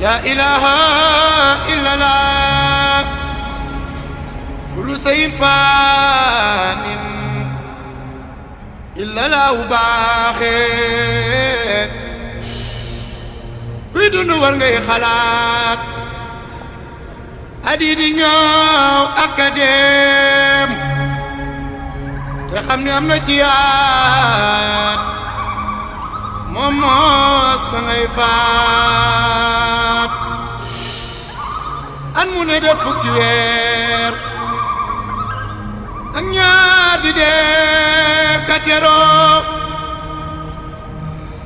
لا إله إلا لا كل شيء إلا لا وباخر بدون ورغي خلاق أدي دينيو أكاديم تخمني أمنا تيان moom moo sangay faat an mu ne def fukki weer ak ñaar di dee kateroo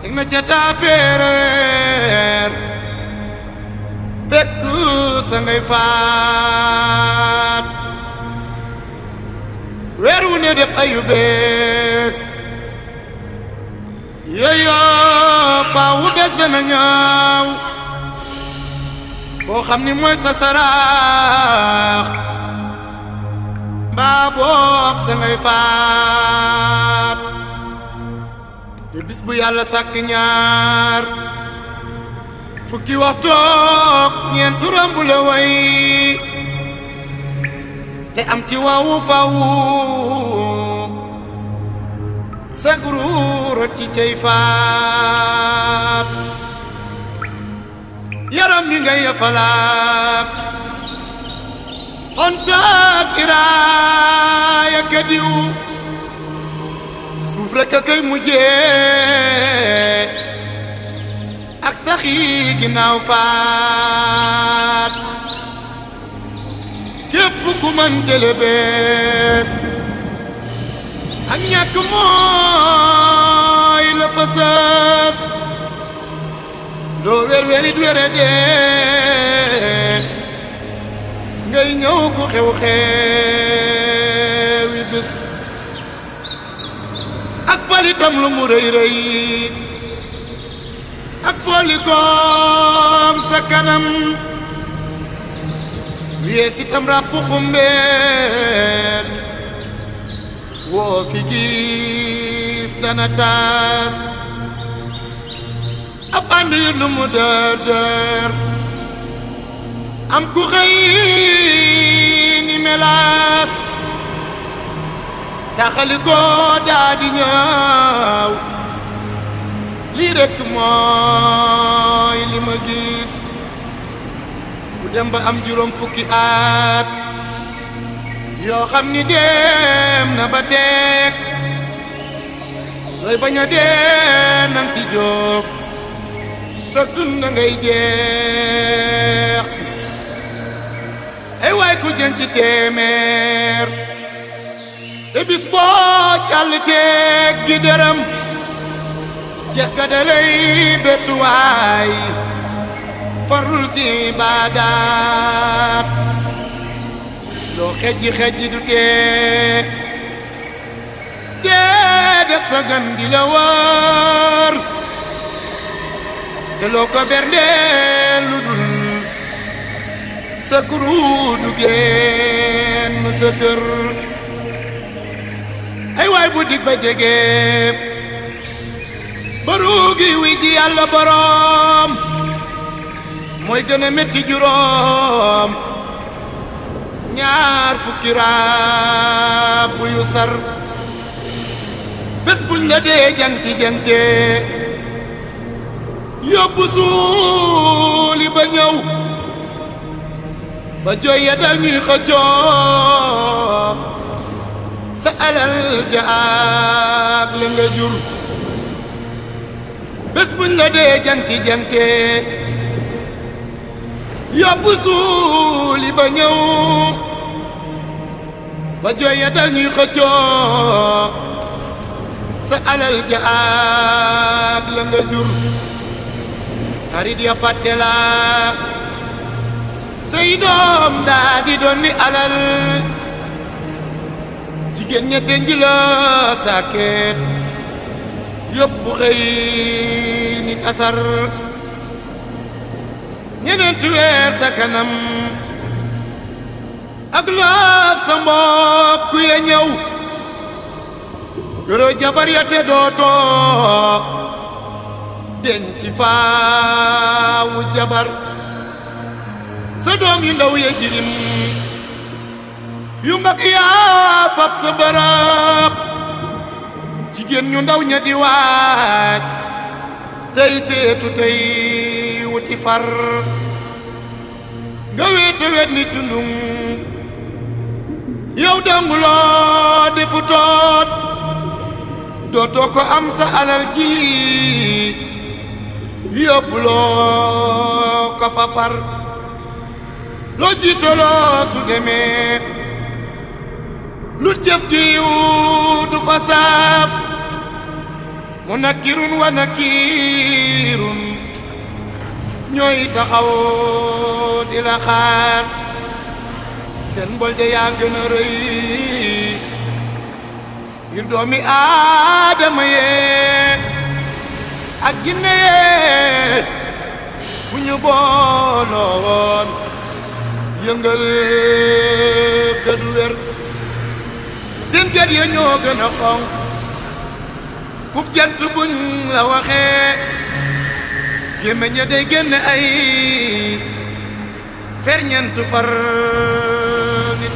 dégg na ca taafeereer fekk sangay faat weer wu ne def ayu yooyo faawu bés dana ñëw boo xam ni mooy sa saraax mbaa boox sa ngay faat te bis bu yàlla sàkk ñaar fukki waxtoog ñeen turam la way te am ci waawu faawu sagruura ci cay faat yaram bi ngay falaat xontaa kiraaya ka diw suuf rekk mujjee ak saxi ginnaaw faat képp ku mën tele ak ñàkk mooy la fa sës loo wér wérit wére dee ngay ñëw ku xew xewi bis ak palitam lu mu rëy rëy ak follikoom sa kanam wiees itam ràpp xumbeel woo fi gis dana taas ab ànd yu nu mu dër am ku xëy ni melaas taxali ko ñaaw lii rekk mooy li ma gis ku dem am juróom fukki at yoo xam ni dem na ba teeg lay bañ a dee nan si jóg sa dund na jeex si ay waay ku jën ci téeméer te bis boo teeg gi dërëm jeex ka da lay bettuwaay farul si baadaat xejji xejji du dee dee def sa gan gi la war te dul sa du génn sa kër ay waay bu dig ba jege baru wi ji yàlla boroom mooy gën a métti ñaar fukki raab yu sar bés buñ la dee ba ñëw ba jooy dal ñuy xëccoo sa alal ja la nga jur bés buñ la dee janti jante yóbbu suuli ba ñëw ba jooy ya dal ñuy xëccoo sa alal ja la nga jur xarit ya fàtte la say doom daa di doon ni alal jigéen ña denc la sàkket yóbbu xëy nit asar ñeneenti weer sa kanam ak laaf sa mbokk ya ñëw yoro jabar ya te dootoo denc faawu jabar sa doom yu ndaw ya jirim yu mag yaa fab sa barab jigéen ñu ndaw ña di waaj tey seetu tey wuti far nga weete wet ni cundum yow donguloo defu toot dootoo ko am sa alal ji yóbbuloo ko fa far loo su demee lu jëf jiw du fa saaf mu nakkirun wa nakkirun ñooy taxaw di la xaar seen mbol de yaa gën a rëy ngir doomi aadama yee ak jinne yee bu ñu booloon yëngal gëdu wér seen gët ya ñoo gën a xonq kub jant buñ la waxee gémmiñ ña day génn ay ferñeent far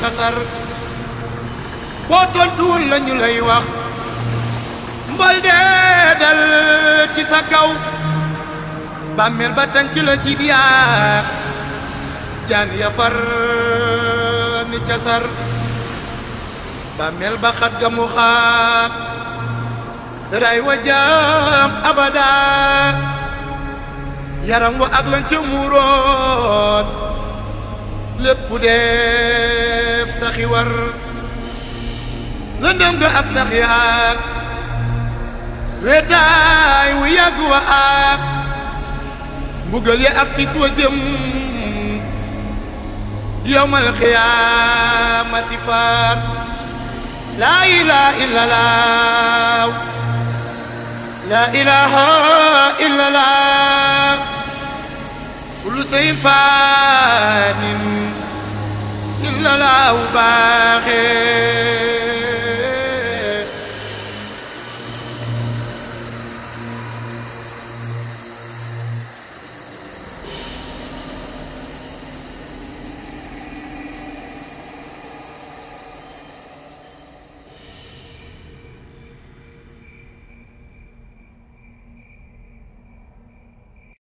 tasar boo tontuwul lañu lay wax mbol dee dal ci sa kaw bàmmeel ba tànc la ci biir jaan ya ni casar bàmmeel ba xat ga mu xaat ray wa jaam abada yaram wa ak lan ca muuroon lépp dee saxi war lëndëm ga ak sax yaag wetaay wu yàgg wa aak mbugal ya ak tis wa jëm yowmal xiyaamati faak laa ilaha illallah laa ilaha illallah kullu sayin faak la laaw baaxee